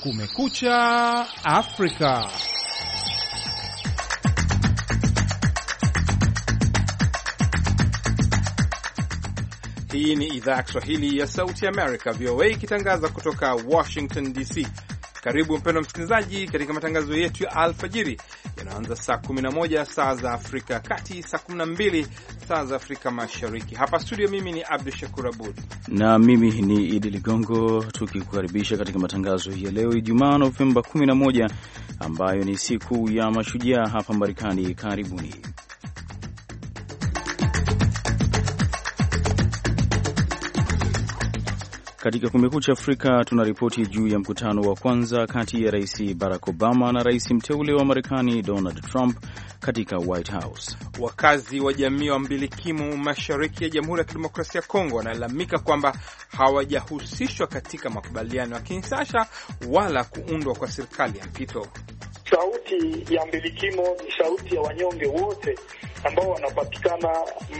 Kumekucha Afrika. Hii ni idhaa ya Kiswahili ya Sauti Amerika, VOA, ikitangaza kutoka Washington DC. Karibu mpendwa msikilizaji, katika matangazo yetu ya alfajiri yanaanza saa 11 saa za Afrika kati, saa 12 saa za Afrika Mashariki. Hapa studio, mimi ni Abdu Shakur Abud na mimi ni Idi Ligongo, tukikukaribisha katika matangazo ya leo Ijumaa Novemba 11 ambayo ni siku ya mashujaa hapa Marekani. Karibuni. Katika Kumekucha Afrika tuna ripoti juu ya mkutano wa kwanza kati ya Rais Barack Obama na rais mteule wa Marekani Donald Trump katika White House. Wakazi wa jamii wa mbilikimu mashariki ya Jamhuri ya Kidemokrasia ya Kongo wanalalamika kwamba hawajahusishwa katika makubaliano ya Kinshasa wala kuundwa kwa serikali ya mpito sauti ya mbilikimo ni sauti ya wanyonge wote ambao wanapatikana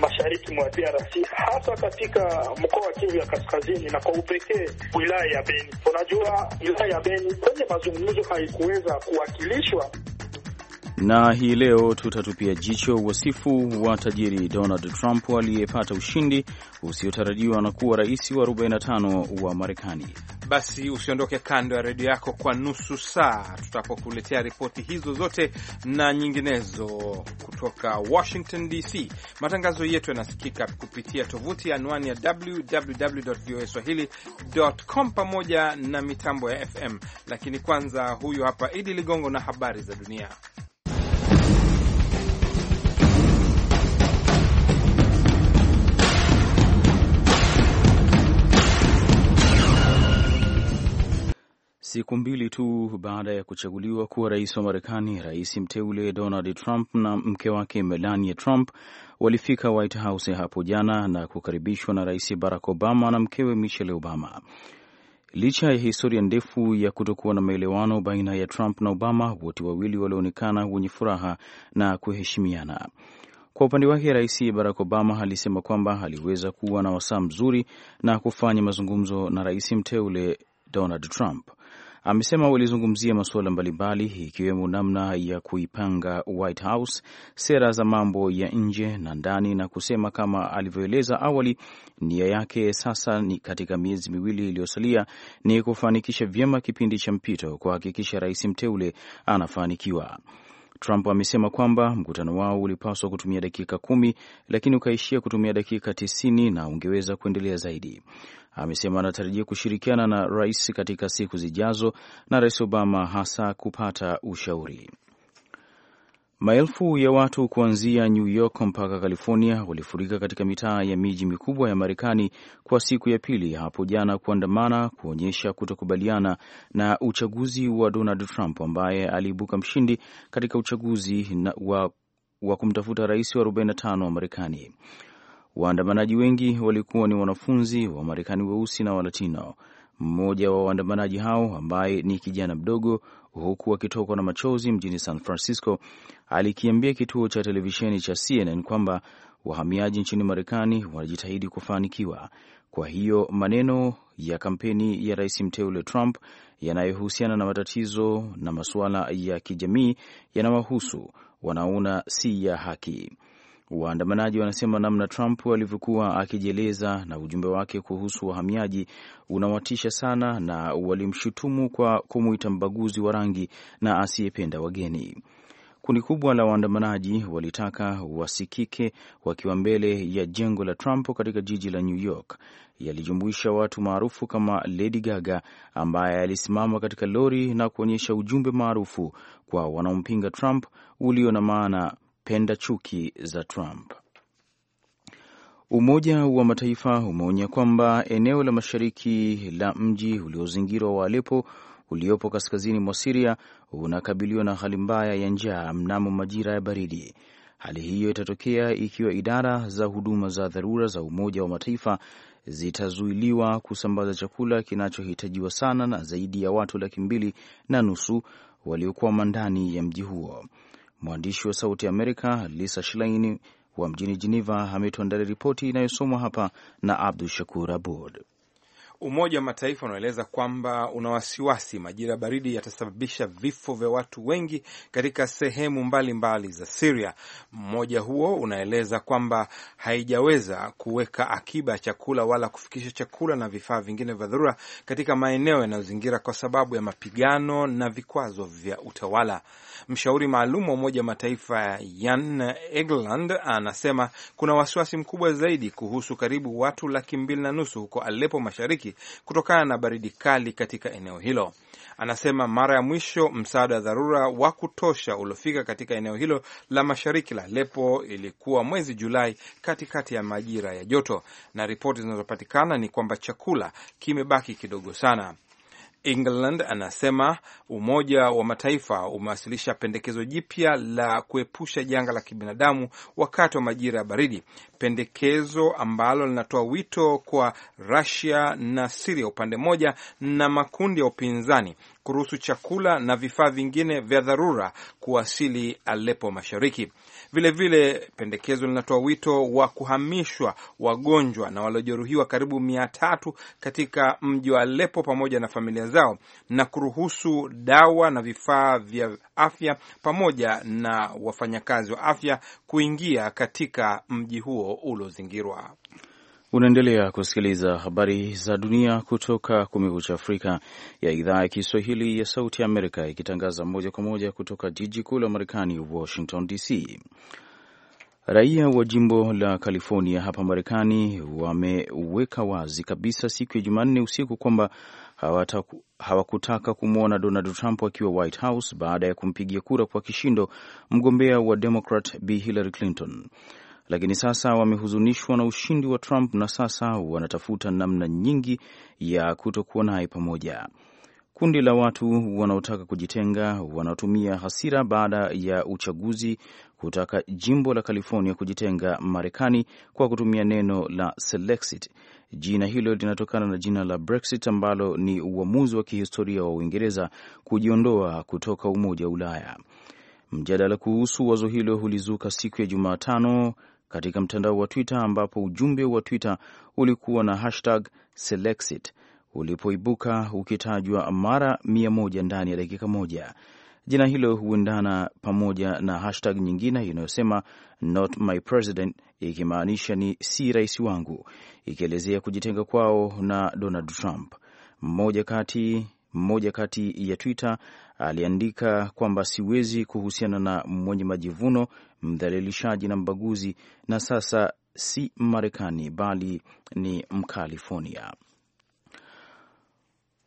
mashariki mwa DRC hasa katika mkoa wa Kivu ya Kaskazini na kwa upekee wilaya ya Beni. Unajua, wilaya ya Beni kwenye mazungumzo haikuweza kuwakilishwa. Na hii leo tutatupia jicho wasifu wa tajiri Donald Trump aliyepata ushindi usiotarajiwa na kuwa rais wa 45 wa Marekani. Basi usiondoke kando ya redio yako kwa nusu saa, tutapokuletea ripoti hizo zote na nyinginezo kutoka Washington DC. Matangazo yetu yanasikika kupitia tovuti anwani ya www voa swahilicom, pamoja na mitambo ya FM. Lakini kwanza, huyu hapa Idi Ligongo na habari za dunia. Siku mbili tu baada ya kuchaguliwa kuwa rais wa Marekani, rais mteule Donald Trump na mke wake Melania Trump walifika White House hapo jana na kukaribishwa na rais Barack Obama na mkewe Michelle Obama. Licha ya historia ndefu ya kutokuwa na maelewano baina ya Trump na Obama, wote wawili walionekana wenye furaha na kuheshimiana. Kwa upande wake rais Barack Obama alisema kwamba aliweza kuwa na wasaa mzuri na kufanya mazungumzo na rais mteule Donald Trump amesema walizungumzia masuala mbalimbali ikiwemo namna ya kuipanga White House, sera za mambo ya nje na ndani, na kusema kama alivyoeleza awali, nia yake sasa ni katika miezi miwili iliyosalia ni kufanikisha vyema kipindi cha mpito, kuhakikisha rais mteule anafanikiwa. Trump amesema kwamba mkutano wao ulipaswa kutumia dakika kumi lakini ukaishia kutumia dakika tisini na ungeweza kuendelea zaidi amesema anatarajia kushirikiana na rais katika siku zijazo na Rais Obama hasa kupata ushauri. Maelfu ya watu kuanzia New York mpaka California walifurika katika mitaa ya miji mikubwa ya Marekani kwa siku ya pili hapo jana kuandamana kuonyesha kutokubaliana na uchaguzi wa Donald Trump ambaye aliibuka mshindi katika uchaguzi wa, wa kumtafuta rais wa 45 wa Marekani. Waandamanaji wengi walikuwa ni wanafunzi wa Marekani weusi na Walatino. Mmoja wa waandamanaji hao ambaye ni kijana mdogo, huku akitokwa na machozi mjini San Francisco, alikiambia kituo cha televisheni cha CNN kwamba wahamiaji nchini Marekani wanajitahidi kufanikiwa. Kwa hiyo maneno ya kampeni ya rais mteule Trump yanayohusiana na matatizo na masuala ya kijamii yanawahusu, wanaona si ya haki. Waandamanaji wanasema namna Trump alivyokuwa akijieleza na ujumbe wake kuhusu wahamiaji unawatisha sana, na walimshutumu kwa kumwita mbaguzi wa rangi na asiyependa wageni. Kundi kubwa la waandamanaji walitaka wasikike wakiwa mbele ya jengo la Trump katika jiji la New York. Yalijumuisha watu maarufu kama Lady Gaga ambaye alisimama katika lori na kuonyesha ujumbe maarufu kwa wanaompinga Trump ulio na maana wanapenda chuki za Trump. Umoja wa Mataifa umeonya kwamba eneo la mashariki la mji uliozingirwa wa Alepo uliopo kaskazini mwa Siria unakabiliwa na hali mbaya ya njaa mnamo majira ya baridi. Hali hiyo itatokea ikiwa idara za huduma za dharura za Umoja wa Mataifa zitazuiliwa kusambaza chakula kinachohitajiwa sana na zaidi ya watu laki mbili na nusu waliokwama ndani ya mji huo. Mwandishi wa Sauti Amerika Lisa Schlein wa mjini Geneva ametuandalia ripoti inayosomwa hapa na Abdu Shakur Abud. Umoja wa Mataifa unaeleza kwamba una wasiwasi majira baridi yatasababisha vifo vya watu wengi katika sehemu mbalimbali mbali za Siria. Mmoja huo unaeleza kwamba haijaweza kuweka akiba ya chakula wala kufikisha chakula na vifaa vingine vya dharura katika maeneo yanayozingira kwa sababu ya mapigano na vikwazo vya utawala. Mshauri maalum wa Umoja wa Mataifa Jan Egeland anasema kuna wasiwasi mkubwa zaidi kuhusu karibu watu laki mbili na nusu huko Alepo mashariki Mashariki kutokana na baridi kali katika eneo hilo. Anasema mara ya mwisho msaada wa dharura wa kutosha uliofika katika eneo hilo la mashariki la Aleppo ilikuwa mwezi Julai, katikati ya majira ya joto, na ripoti zinazopatikana ni kwamba chakula kimebaki kidogo sana. England anasema Umoja wa Mataifa umewasilisha pendekezo jipya la kuepusha janga la kibinadamu wakati wa majira ya baridi, pendekezo ambalo linatoa wito kwa rasia na Siria upande mmoja na makundi ya upinzani kuruhusu chakula na vifaa vingine vya dharura kuwasili alepo Mashariki. Vilevile, pendekezo linatoa wito wa kuhamishwa wagonjwa na waliojeruhiwa karibu mia tatu katika mji wa Alepo pamoja na familia zao na kuruhusu dawa na vifaa vya afya pamoja na wafanyakazi wa afya kuingia katika mji huo uliozingirwa. Unaendelea kusikiliza habari za dunia kutoka Kumekucha Afrika ya idhaa ya Kiswahili ya Sauti ya Amerika, ikitangaza moja kwa moja kutoka jiji kuu la Marekani, Washington DC. Raia wa jimbo la California hapa Marekani wameweka wazi kabisa siku ya Jumanne usiku kwamba hawakutaka kumwona Donald Trump akiwa White House baada ya kumpigia kura kwa kishindo mgombea wa Democrat b Hillary Clinton lakini sasa wamehuzunishwa na ushindi wa Trump na sasa wanatafuta namna nyingi ya kutokuwa naye pamoja. Kundi la watu wanaotaka kujitenga wanaotumia hasira baada ya uchaguzi kutaka jimbo la California kujitenga Marekani kwa kutumia neno la Selexit. Jina hilo linatokana na jina la Brexit ambalo ni uamuzi wa kihistoria wa Uingereza kujiondoa kutoka Umoja wa Ulaya. Mjadala kuhusu wazo hilo ulizuka siku ya Jumatano katika mtandao wa Twitter ambapo ujumbe wa Twitter ulikuwa na hashtag Selexit ulipoibuka ukitajwa mara mia moja ndani ya dakika moja. Jina hilo huendana pamoja na hashtag nyingine inayosema not my president, ikimaanisha ni si rais wangu, ikielezea kujitenga kwao na Donald Trump. Mmoja kati mmoja kati ya Twitter aliandika kwamba siwezi kuhusiana na mwenye majivuno mdhalilishaji na mbaguzi, na sasa si Marekani bali ni Mkalifornia.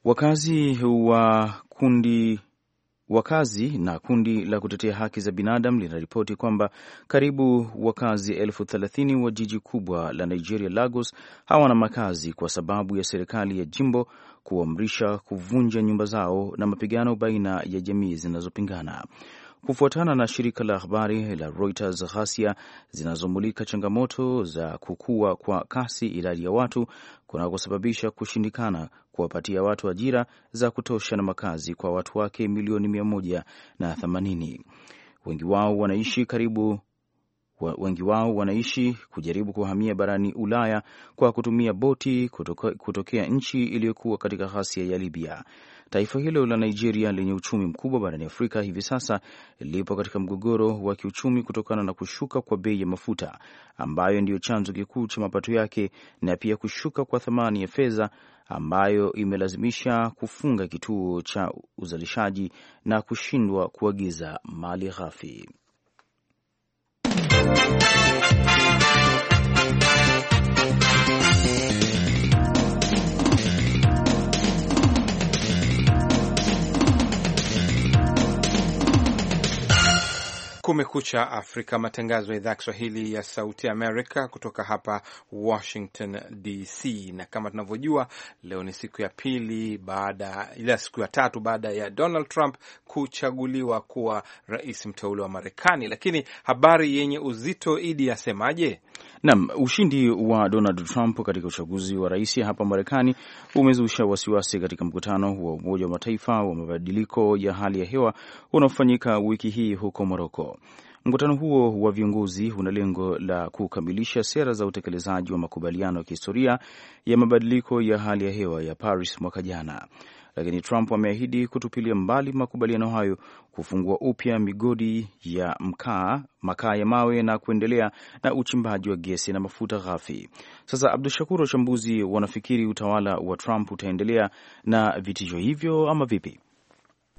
Wakazi wa kundi wakazi na kundi la kutetea haki za binadamu linaripoti kwamba karibu wakazi elfu thelathini wa jiji kubwa la Nigeria, Lagos, hawana makazi kwa sababu ya serikali ya jimbo kuamrisha kuvunja nyumba zao na mapigano baina ya jamii zinazopingana. Kufuatana na shirika la habari la Reuters, ghasia zinazomulika changamoto za kukua kwa kasi idadi ya watu kunakosababisha kushindikana kuwapatia watu ajira za kutosha na makazi kwa watu wake milioni mia moja na themanini. Wengi wao wanaishi karibu wengi wao wanaishi kujaribu kuhamia barani Ulaya kwa kutumia boti kutoka, kutokea nchi iliyokuwa katika ghasia ya Libya. Taifa hilo la Nigeria lenye uchumi mkubwa barani Afrika hivi sasa lipo katika mgogoro wa kiuchumi kutokana na kushuka kwa bei ya mafuta ambayo ndiyo chanzo kikuu cha mapato yake na pia kushuka kwa thamani ya fedha ambayo imelazimisha kufunga kituo cha uzalishaji na kushindwa kuagiza mali ghafi. Kumekucha Afrika, matangazo ya idhaa ya Kiswahili ya Sauti Amerika kutoka hapa Washington DC. Na kama tunavyojua, leo ni siku ya pili baada ila siku ya tatu baada ya Donald Trump kuchaguliwa kuwa rais mteule wa Marekani, lakini habari yenye uzito idi yasemaje? nam ushindi wa Donald Trump katika uchaguzi wa rais hapa Marekani umezusha wasiwasi katika mkutano wa Umoja wa Mataifa wa mabadiliko ya hali ya hewa unaofanyika wiki hii huko Moroko. Mkutano huo wa viongozi una lengo la kukamilisha sera za utekelezaji wa makubaliano ya kihistoria ya mabadiliko ya hali ya hewa ya Paris mwaka jana lakini Trump ameahidi kutupilia mbali makubaliano hayo, kufungua upya migodi ya mkaa, makaa ya mawe na kuendelea na uchimbaji wa gesi na mafuta ghafi. Sasa Abdu Shakur, wachambuzi wanafikiri utawala wa Trump utaendelea na vitisho hivyo ama vipi?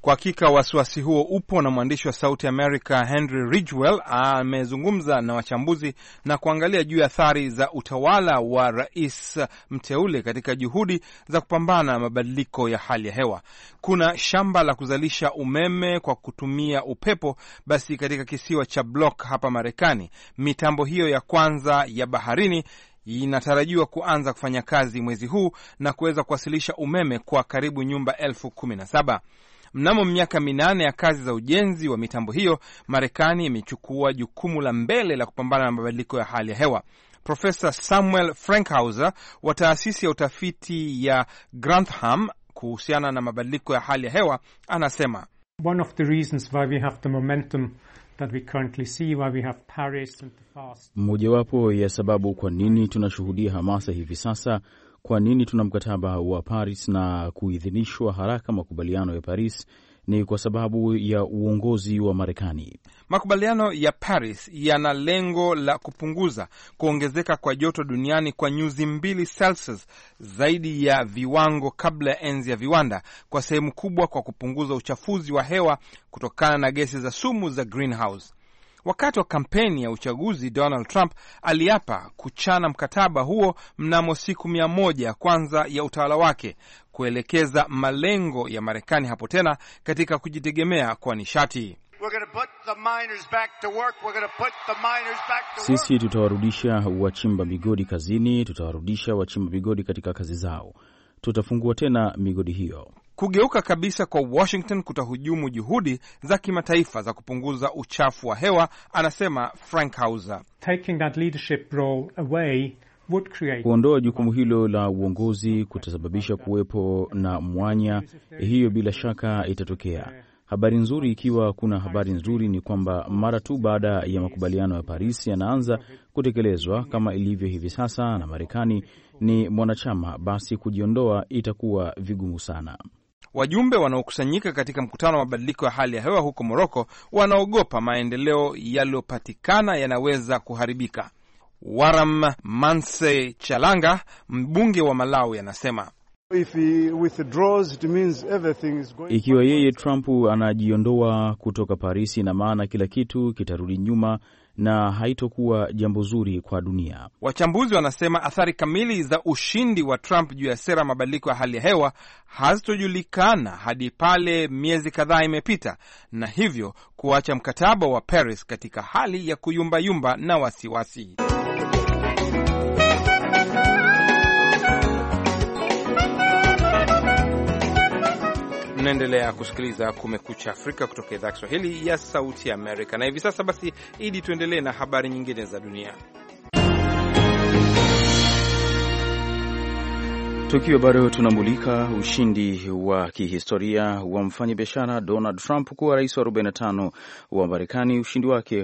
Kwa hakika wasiwasi huo upo, na mwandishi wa Sauti Amerika Henry Ridgwell amezungumza na wachambuzi na kuangalia juu ya athari za utawala wa rais mteule katika juhudi za kupambana na mabadiliko ya hali ya hewa. Kuna shamba la kuzalisha umeme kwa kutumia upepo, basi katika kisiwa cha Block hapa Marekani, mitambo hiyo ya kwanza ya baharini inatarajiwa kuanza kufanya kazi mwezi huu na kuweza kuwasilisha umeme kwa karibu nyumba elfu kumi na saba. Mnamo miaka minane ya kazi za ujenzi wa mitambo hiyo, Marekani imechukua jukumu la mbele la kupambana na mabadiliko ya hali ya hewa. Profesa Samuel Frankhauser wa taasisi ya utafiti ya Grantham kuhusiana na mabadiliko ya hali ya hewa anasema One of the reasons why we have the momentum that we currently see, why we have Paris and the fast. Mojawapo ya sababu kwa nini tunashuhudia hamasa hivi sasa kwa nini tuna mkataba wa Paris na kuidhinishwa haraka makubaliano ya Paris ni kwa sababu ya uongozi wa Marekani. Makubaliano ya Paris yana lengo la kupunguza kuongezeka kwa joto duniani kwa nyuzi mbili Celsius zaidi ya viwango kabla ya enzi ya viwanda, kwa sehemu kubwa kwa kupunguza uchafuzi wa hewa kutokana na gesi za sumu za greenhouse. Wakati wa kampeni ya uchaguzi, Donald Trump aliapa kuchana mkataba huo mnamo siku mia moja ya kwanza ya utawala wake, kuelekeza malengo ya Marekani hapo tena katika kujitegemea kwa nishati. Sisi tutawarudisha wachimba migodi kazini, tutawarudisha wachimba migodi katika kazi zao, tutafungua tena migodi hiyo. Kugeuka kabisa kwa Washington kutahujumu juhudi za kimataifa za kupunguza uchafu wa hewa, anasema Frankhauser. Kuondoa jukumu hilo la uongozi kutasababisha kuwepo na mwanya, hiyo bila shaka itatokea. Habari nzuri, ikiwa kuna habari nzuri, ni kwamba mara tu baada ya makubaliano ya Paris yanaanza kutekelezwa kama ilivyo hivi sasa, na Marekani ni mwanachama, basi kujiondoa itakuwa vigumu sana. Wajumbe wanaokusanyika katika mkutano wa mabadiliko ya hali ya hewa huko Moroko wanaogopa maendeleo yaliyopatikana yanaweza kuharibika. Waram Manse Chalanga, mbunge wa Malawi, anasema ikiwa yeye Trump anajiondoa kutoka Paris, ina maana kila kitu kitarudi nyuma na haitokuwa jambo zuri kwa dunia. Wachambuzi wanasema athari kamili za ushindi wa Trump juu ya sera mabadiliko ya hali ya hewa hazitojulikana hadi pale miezi kadhaa imepita, na hivyo kuacha mkataba wa Paris katika hali ya kuyumbayumba na wasiwasi. Mnaendelea kusikiliza Kumekucha Afrika kutoka idhaa ya Kiswahili ya Sauti ya Amerika. Na hivi sasa basi, Idi, tuendelee na habari nyingine za dunia. Tukiwa bado tunamulika ushindi wa kihistoria wa mfanyabiashara Donald Trump kuwa rais wa 45 wa Marekani, ushindi wake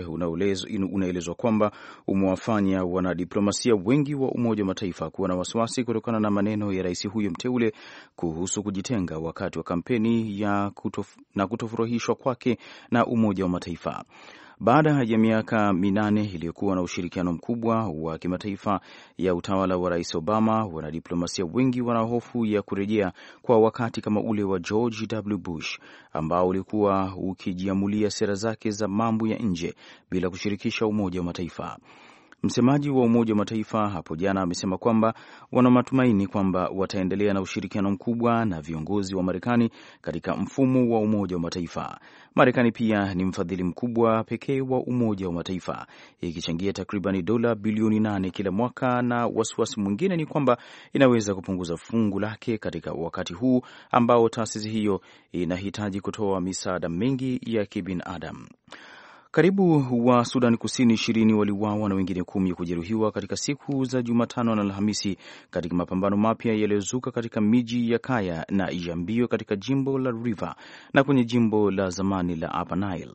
unaelezwa kwamba umewafanya wanadiplomasia wengi wa Umoja wa Mataifa kuwa na wasiwasi kutokana na maneno ya rais huyo mteule kuhusu kujitenga wakati wa kampeni ya kutof, na kutofurahishwa kwake na Umoja wa Mataifa. Baada ya miaka minane iliyokuwa na ushirikiano mkubwa wa kimataifa ya utawala wa Rais Obama, wanadiplomasia wengi wana hofu ya kurejea kwa wakati kama ule wa George W. Bush ambao ulikuwa ukijiamulia sera zake za mambo ya nje bila kushirikisha Umoja wa Mataifa. Msemaji wa Umoja wa Mataifa hapo jana amesema kwamba wana matumaini kwamba wataendelea na ushirikiano mkubwa na viongozi wa Marekani katika mfumo wa Umoja wa Mataifa. Marekani pia ni mfadhili mkubwa pekee wa Umoja wa Mataifa, ikichangia takriban dola bilioni nane kila mwaka, na wasiwasi mwingine ni kwamba inaweza kupunguza fungu lake katika wakati huu ambao taasisi hiyo inahitaji kutoa misaada mingi ya kibinadamu. Karibu wa Sudan Kusini ishirini waliuawa na wengine kumi kujeruhiwa katika siku za Jumatano na Alhamisi katika mapambano mapya yaliyozuka katika miji ya Kaya na Yambio katika jimbo la River na kwenye jimbo la zamani la Upper Nile.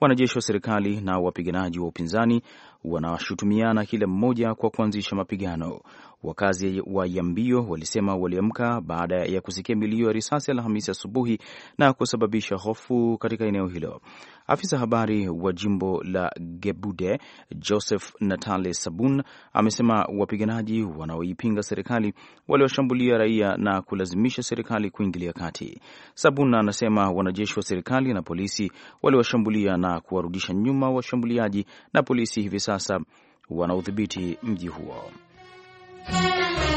Wanajeshi wa serikali na wapiganaji wa upinzani wanashutumiana kila mmoja kwa kuanzisha mapigano. Wakazi wa Yambio walisema waliamka baada ya kusikia milio ya risasi Alhamisi asubuhi na kusababisha hofu katika eneo hilo. Afisa habari wa jimbo la Gebude, Joseph Natale Sabun, amesema wapiganaji wanaoipinga serikali waliwashambulia raia na kulazimisha serikali kuingilia kati. Sabun anasema wanajeshi wa serikali na polisi waliwashambulia na kuwarudisha nyuma washambuliaji, na polisi hivi sasa wanaudhibiti mji huo. Música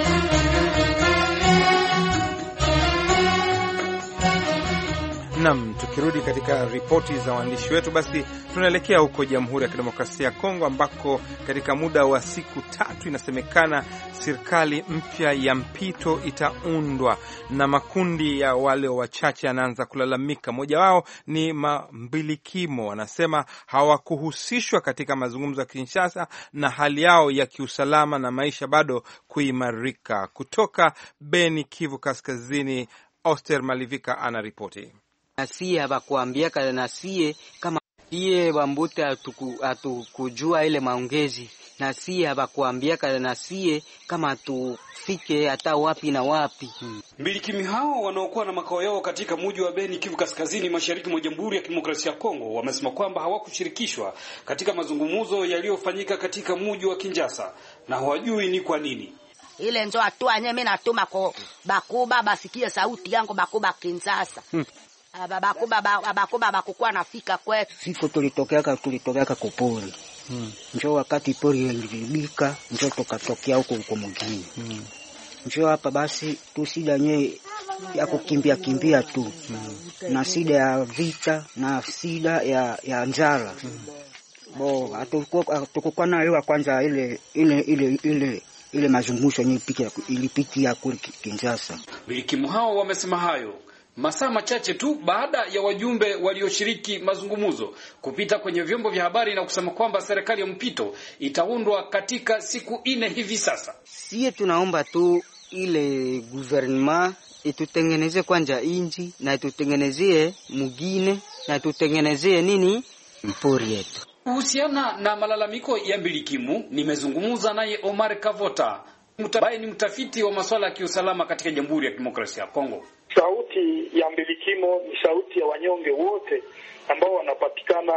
Nam, tukirudi katika ripoti za waandishi wetu, basi tunaelekea huko Jamhuri ya Kidemokrasia ya Kongo ambako katika muda wa siku tatu inasemekana serikali mpya ya mpito itaundwa na makundi ya wale wachache yanaanza kulalamika. Mmoja wao ni mambilikimo, wanasema hawakuhusishwa katika mazungumzo ya Kinshasa na hali yao ya kiusalama na maisha bado kuimarika. Kutoka Beni, Kivu Kaskazini, Oster Malivika anaripoti nasie bakuambiaka nasie kama iye wambute hatukujua ile maongezi nasie abakuambiaka nasie kama tufike hata wapi na wapi. Mbilikimi hao wanaokuwa na makao yao katika mji wa Beni, Kivu Kaskazini, mashariki mwa Jamhuri ya Kidemokrasia ya Kongo, wamesema kwamba hawakushirikishwa katika mazungumzo yaliyofanyika katika mji wa kinjasa na hawajui ni kwa nini. Ile njo hatua yenyewe mimi natuma kwa bakuba basikie sauti yangu bakuba hmm. Ah, abakuba abakuba abakukuwa nafika kwetu siku tulitokeaka tulitokeaka kupori hmm. njo wakati pori ilibika njo tukatokea huku huko mgini hmm. njo hapa basi tu sida nye ya kukimbia kimbia tu hmm. na sida ya vita na sida ya, ya njala hmm. bo atukukwa nayo kwanza ile ile ile ile ile mazungumzo yenye ilipitia kule Kinshasa. Wilikimu hao wamesema hayo Masaa machache tu baada ya wajumbe walioshiriki mazungumzo kupita kwenye vyombo vya habari na kusema kwamba serikali ya mpito itaundwa katika siku nne hivi sasa. Sie tunaomba tu ile guvernema itutengeneze kwanja inji na itutengenezie mugine na itutengenezie nini mpori yetu. Kuhusiana na malalamiko ya mbilikimu, nimezungumza naye Omar Kavota ambaye ni mtafiti wa masuala ya kiusalama katika Jamhuri ya Kidemokrasia ya Kongo. Sauti ya mbilikimo ni sauti ya wanyonge wote ambao wanapatikana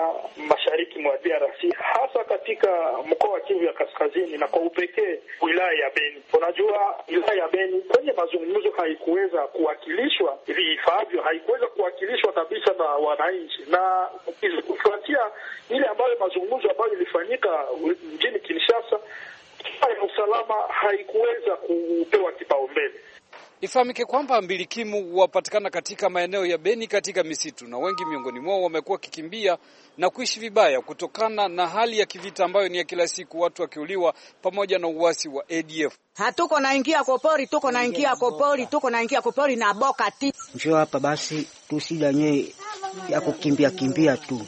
mashariki mwa DRC hasa katika mkoa wa Kivu ya Kaskazini na kwa upekee wilaya ya Beni. Unajua, wilaya ya Beni kwenye mazungumzo haikuweza kuwakilishwa viifavyo, haikuweza kuwakilishwa kabisa na wananchi, na kufuatia ile ambayo mazungumzo ambayo ilifanyika mjini Kinshasa ya usalama haikuweza kupewa kipaumbele. Ifahamike kwamba mbilikimu wapatikana katika maeneo ya Beni katika misitu, na wengi miongoni mwao wamekuwa wakikimbia na kuishi vibaya kutokana na hali ya kivita ambayo ni ya kila siku, watu wakiuliwa pamoja na uasi wa ADF. Hatuko naingia kopori, tuko naingia kopori, tuko naingia kopori na boka ti njoo hapa basi tu, sida nyee ya kukimbia kimbia tu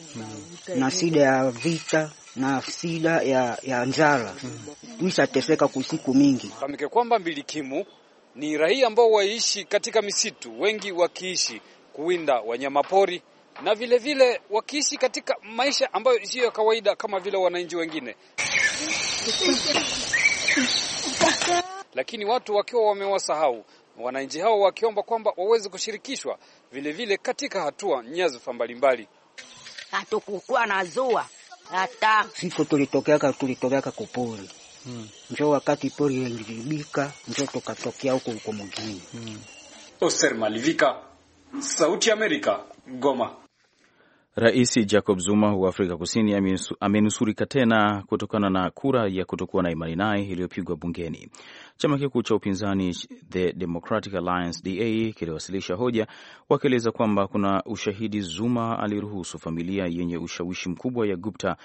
na sida ya vita na sida ya, ya njala tuishateseka hmm. kusiku mingi. kamike kwamba mbilikimu ni raia ambao waishi katika misitu, wengi wakiishi kuwinda wanyamapori na vilevile vile wakiishi katika maisha ambayo isiyo ya kawaida kama vile wananchi wengine lakini watu wakiwa wamewasahau wananchi hao wakiomba kwamba waweze kushirikishwa vilevile vile katika hatua nyadhifa mbalimbali. Hatukukuwa na zua hata siku tulitokeaka tulitokeaka kupori mm. Njo wakati pori ilibika, njo tukatokea huko huko mwingine. mm. Oser Malivika, Sauti ya Amerika, Goma. Rais Jacob Zuma wa Afrika Kusini amenusurika tena kutokana na kura ya kutokuwa na imani naye iliyopigwa bungeni. Chama kikuu cha upinzani The Democratic Alliance DA kiliwasilisha hoja wakieleza kwamba kuna ushahidi Zuma aliruhusu familia yenye ushawishi mkubwa ya Gupta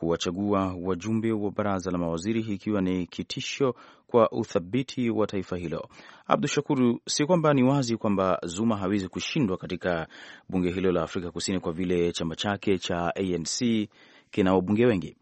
kuwachagua wajumbe wa baraza la mawaziri ikiwa ni kitisho kwa uthabiti wa taifa hilo. Abdu Shakuru, si kwamba ni wazi kwamba Zuma hawezi kushindwa katika bunge hilo la Afrika Kusini kwa vile chama chake cha ANC kina wabunge wengi.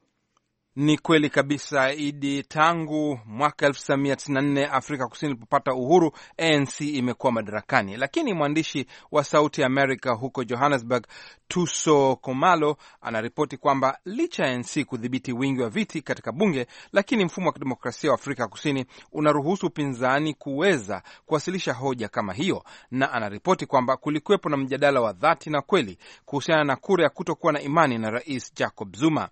Ni kweli kabisa Idi, tangu mwaka 1994 Afrika Kusini ilipopata uhuru, ANC imekuwa madarakani, lakini mwandishi wa Sauti Amerika huko Johannesburg, Tuso Komalo, anaripoti kwamba licha ya ANC kudhibiti wingi wa viti katika bunge, lakini mfumo wa kidemokrasia wa Afrika Kusini unaruhusu upinzani kuweza kuwasilisha hoja kama hiyo, na anaripoti kwamba kulikuwepo na mjadala wa dhati na kweli kuhusiana na kura ya kutokuwa na imani na Rais Jacob Zuma.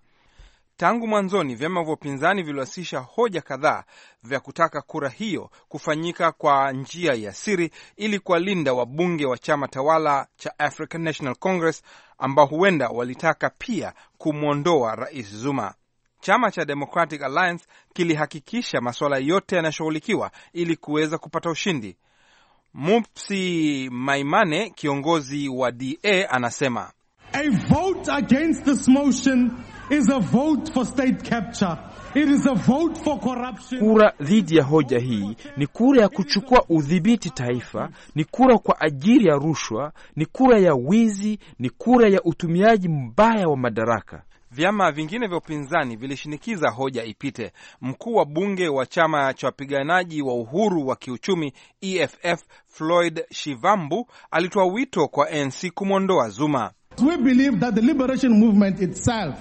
Tangu mwanzoni vyama vya upinzani viliwasilisha hoja kadhaa vya kutaka kura hiyo kufanyika kwa njia ya siri ili kuwalinda wabunge wa chama tawala cha African National Congress ambao huenda walitaka pia kumwondoa Rais Zuma. Chama cha Democratic Alliance kilihakikisha masuala yote yanashughulikiwa ili kuweza kupata ushindi. Mupsi Maimane, kiongozi wa DA, anasema A vote against this motion is a vote for state capture. It is a vote for corruption. Kura dhidi ya hoja hii ni kura ya kuchukua udhibiti taifa, ni kura kwa ajili ya rushwa, ni kura ya wizi, ni kura ya utumiaji mbaya wa madaraka. Vyama vingine vya upinzani vilishinikiza hoja ipite. Mkuu wa bunge wa chama cha wapiganaji wa uhuru wa kiuchumi EFF Floyd Shivambu alitoa wito kwa ANC kumwondoa Zuma. We believe that the liberation movement itself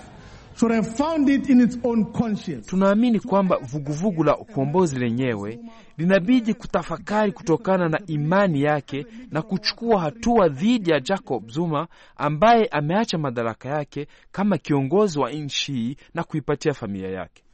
should have found it in its own conscience. Tunaamini kwamba vuguvugu la ukombozi lenyewe linabidi kutafakari kutokana na imani yake na kuchukua hatua dhidi ya Jacob Zuma ambaye ameacha madaraka yake kama kiongozi wa nchi hii na kuipatia familia yake.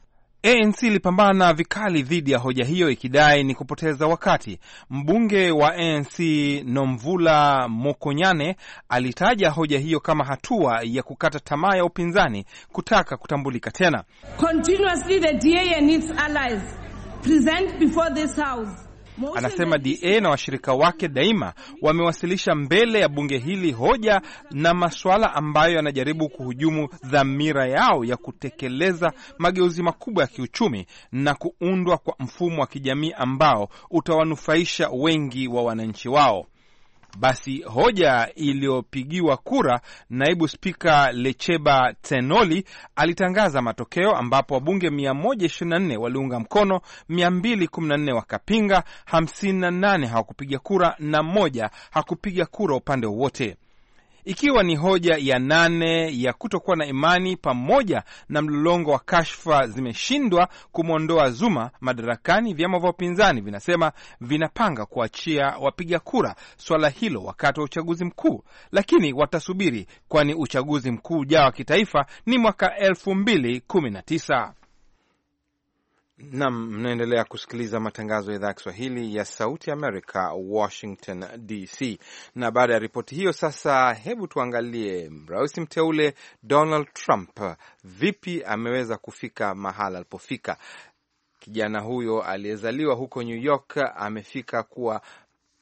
ANC ilipambana vikali dhidi ya hoja hiyo ikidai ni kupoteza wakati. Mbunge wa ANC Nomvula Mokonyane alitaja hoja hiyo kama hatua ya kukata tamaa ya upinzani kutaka kutambulika tena. Continuously the DA and its allies present before this house Anasema DA na washirika wake daima wamewasilisha mbele ya bunge hili hoja na masuala ambayo yanajaribu kuhujumu dhamira yao ya kutekeleza mageuzi makubwa ya kiuchumi na kuundwa kwa mfumo wa kijamii ambao utawanufaisha wengi wa wananchi wao. Basi hoja iliyopigiwa kura, naibu spika Lecheba Tenoli alitangaza matokeo, ambapo wabunge 124 waliunga mkono, 214 wakapinga, 58 hawakupiga kura na moja hakupiga kura upande wowote ikiwa ni hoja ya nane ya kutokuwa na imani pamoja na mlolongo wa kashfa zimeshindwa kumwondoa Zuma madarakani. Vyama vya upinzani vinasema vinapanga kuachia wapiga kura swala hilo wakati wa uchaguzi mkuu, lakini watasubiri, kwani uchaguzi mkuu ujao wa kitaifa ni mwaka elfu mbili kumi na tisa. Nam, mnaendelea kusikiliza matangazo ya idhaa ya Kiswahili ya Sauti Amerika, Washington DC. Na baada ya ripoti hiyo, sasa hebu tuangalie rais mteule Donald Trump vipi ameweza kufika mahala alipofika. Kijana huyo aliyezaliwa huko New York amefika kuwa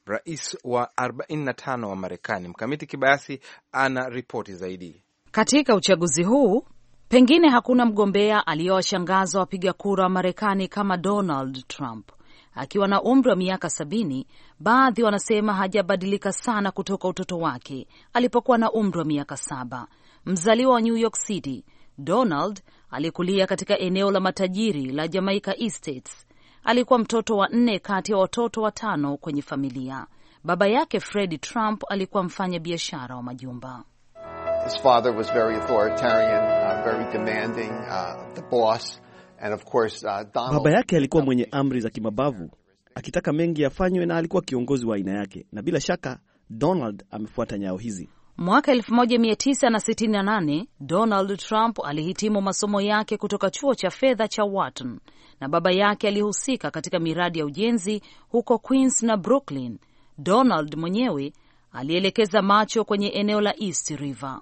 rais wa 45 wa Marekani. Mkamiti Kibayasi ana ripoti zaidi. Katika uchaguzi huu Pengine hakuna mgombea aliyowashangaza wapiga kura wa Marekani kama Donald Trump. Akiwa na umri wa miaka sabini, baadhi wanasema hajabadilika sana kutoka utoto wake alipokuwa na umri wa miaka saba. Mzaliwa wa New York City, Donald alikulia katika eneo la matajiri la Jamaica Estates. Alikuwa mtoto wa nne kati ya watoto watano kwenye familia. Baba yake Fred Trump alikuwa mfanya biashara wa majumba. His father was very authoritarian. Uh, Uh, uh, baba yake alikuwa mwenye amri za kimabavu, akitaka mengi yafanywe, na alikuwa kiongozi wa aina yake, na bila shaka Donald amefuata nyayo hizi. Mwaka 1968 Donald Trump alihitimu masomo yake kutoka chuo cha fedha cha Wharton, na baba yake alihusika katika miradi ya ujenzi huko Queens na Brooklyn. Donald mwenyewe alielekeza macho kwenye eneo la East River.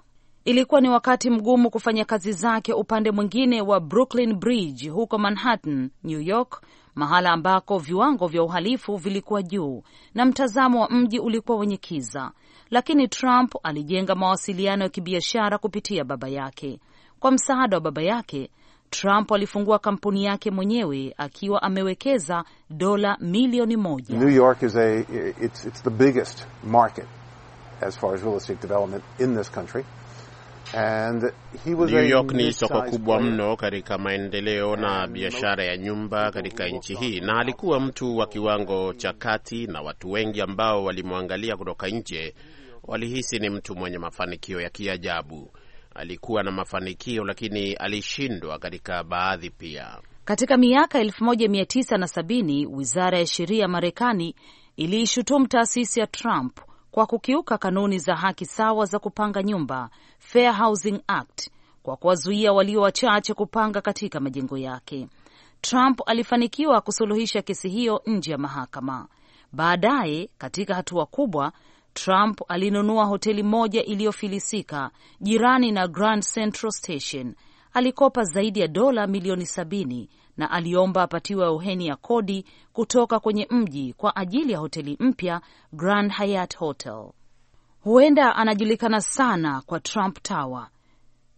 Ilikuwa ni wakati mgumu kufanya kazi zake upande mwingine wa Brooklyn Bridge huko Manhattan, New York, mahala ambako viwango vya uhalifu vilikuwa juu na mtazamo wa mji ulikuwa wenye kiza, lakini Trump alijenga mawasiliano ya kibiashara kupitia baba yake. Kwa msaada wa baba yake, Trump alifungua kampuni yake mwenyewe akiwa amewekeza dola milioni moja. New York is a, it's, it's the biggest market as far as real estate development in this country. And he was New York ni soko kubwa mno katika maendeleo na biashara ya nyumba katika nchi hii, na alikuwa mtu wa kiwango cha kati, na watu wengi ambao walimwangalia kutoka nje walihisi ni mtu mwenye mafanikio ya kiajabu. Alikuwa na mafanikio lakini alishindwa katika baadhi pia. Katika miaka 1970 wizara ya sheria ya Marekani iliishutumu taasisi ya Trump kwa kukiuka kanuni za haki sawa za kupanga nyumba, Fair Housing Act, kwa kuwazuia walio wachache kupanga katika majengo yake. Trump alifanikiwa kusuluhisha kesi hiyo nje ya mahakama. Baadaye, katika hatua kubwa, Trump alinunua hoteli moja iliyofilisika jirani na Grand Central Station. Alikopa zaidi ya dola milioni sabini na aliomba apatiwe auheni ya kodi kutoka kwenye mji kwa ajili ya hoteli mpya Grand Hyatt Hotel. Huenda anajulikana sana kwa Trump Tower,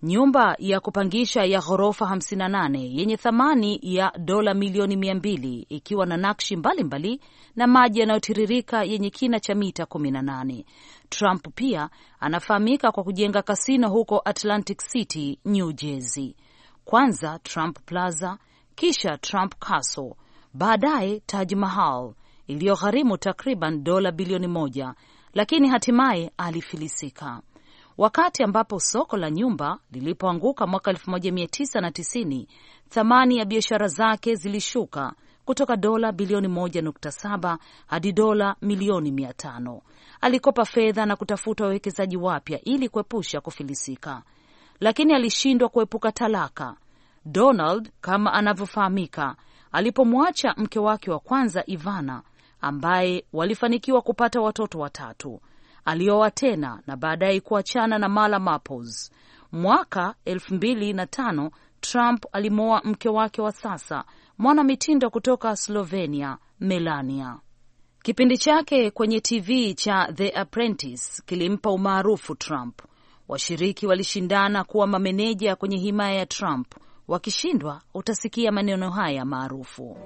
nyumba ya kupangisha ya ghorofa 58 yenye thamani ya dola milioni 200 ikiwa na nakshi mbalimbali na maji yanayotiririka yenye kina cha mita 18. Trump pia anafahamika kwa kujenga kasino huko Atlantic City, New Jersey. Kwanza Trump Plaza kisha Trump Castle, baadaye Taj Mahal iliyogharimu takriban dola bilioni moja, lakini hatimaye alifilisika wakati ambapo soko la nyumba lilipoanguka mwaka 1990 thamani ya biashara zake zilishuka kutoka dola bilioni 1.7 hadi dola milioni 500. Alikopa fedha na kutafuta wawekezaji wapya ili kuepusha kufilisika, lakini alishindwa kuepuka talaka Donald kama anavyofahamika alipomwacha mke wake wa kwanza Ivana, ambaye walifanikiwa kupata watoto watatu. Alioa tena na baadaye kuachana na Mala Maples. Mwaka elfu mbili na tano Trump alimwoa mke wake wa sasa, mwanamitindo kutoka Slovenia, Melania. Kipindi chake kwenye TV cha The Apprentice kilimpa umaarufu Trump. Washiriki walishindana kuwa mameneja kwenye himaya ya Trump Wakishindwa utasikia maneno haya maarufu,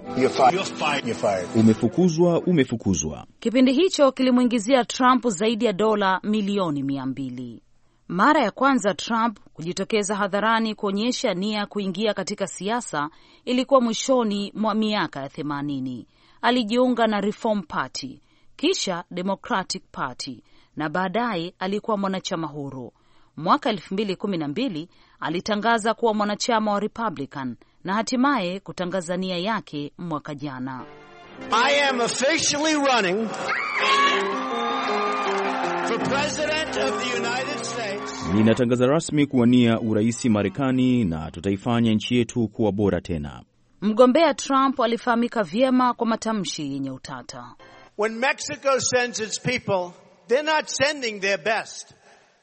umefukuzwa, umefukuzwa. Kipindi hicho kilimwingizia Trump zaidi ya dola milioni mia mbili. Mara ya kwanza Trump kujitokeza hadharani kuonyesha nia ya kuingia katika siasa ilikuwa mwishoni mwa miaka ya themanini. Alijiunga na Reform Party, kisha Democratic Party na baadaye alikuwa mwanachama huru. Mwaka 2012 alitangaza kuwa mwanachama wa Republican na hatimaye kutangaza nia yake mwaka jana. I am officially running for president of the United States. Ninatangaza rasmi kuwania urais Marekani na tutaifanya nchi yetu kuwa bora tena. Mgombea Trump alifahamika vyema kwa matamshi yenye utata. When Mexico sends its people, they're not sending their best.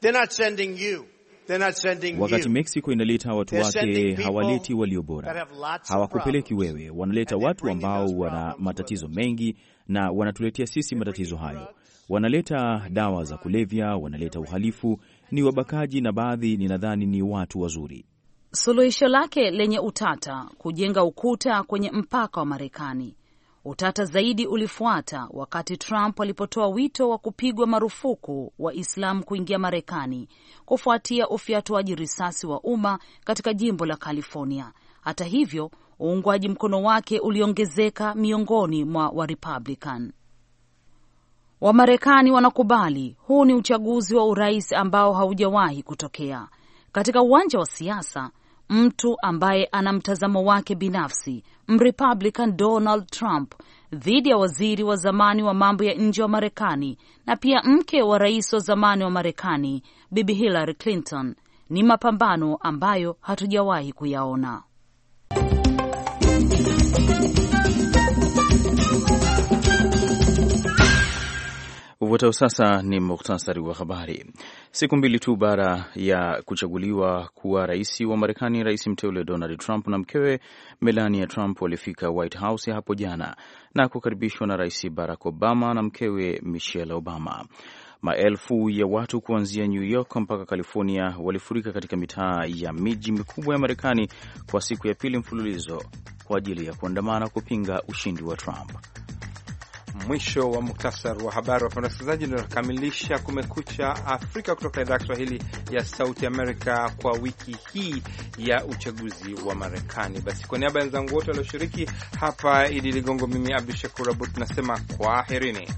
They're not sending you. They're not sending wakati Mexico inaleta watu wake, hawaleti walio bora, hawakupeleki wewe, wanaleta watu ambao wana matatizo mengi na wanatuletea sisi matatizo hayo. Wanaleta dawa za kulevya, wanaleta uhalifu, ni wabakaji na baadhi ninadhani ni watu wazuri. Suluhisho lake lenye utata, kujenga ukuta kwenye mpaka wa Marekani Utata zaidi ulifuata wakati Trump alipotoa wito wa kupigwa marufuku Waislamu kuingia Marekani kufuatia ufyatuaji risasi wa umma katika jimbo la California. Hata hivyo, uungwaji mkono wake uliongezeka miongoni mwa Warepublican. Wamarekani wanakubali huu ni uchaguzi wa urais ambao haujawahi kutokea. Katika uwanja wa siasa, mtu ambaye ana mtazamo wake binafsi Mrepublican Donald Trump dhidi ya waziri wa zamani wa mambo ya nje wa Marekani na pia mke wa rais wa zamani wa Marekani Bibi Hillary Clinton ni mapambano ambayo hatujawahi kuyaona. Ufuatao sasa ni muhtasari wa habari. Siku mbili tu baada ya kuchaguliwa kuwa rais wa Marekani, rais mteule Donald Trump na mkewe Melania Trump walifika White House hapo jana na kukaribishwa na Rais Barack Obama na mkewe Michelle Obama. Maelfu ya watu kuanzia New York mpaka California walifurika katika mitaa ya miji mikubwa ya Marekani kwa siku ya pili mfululizo kwa ajili ya kuandamana kupinga ushindi wa Trump. Mwisho wa muktasar wa habari. Wapenda wasikilizaji, linakamilisha Kumekucha Afrika kutoka idhaa ya Kiswahili ya Sauti Amerika kwa wiki hii ya uchaguzi wa Marekani. Basi kwa niaba ya wenzangu wote walioshiriki hapa, Idi Ligongo, mimi Abdu Shakur Abud, nasema kwaherini.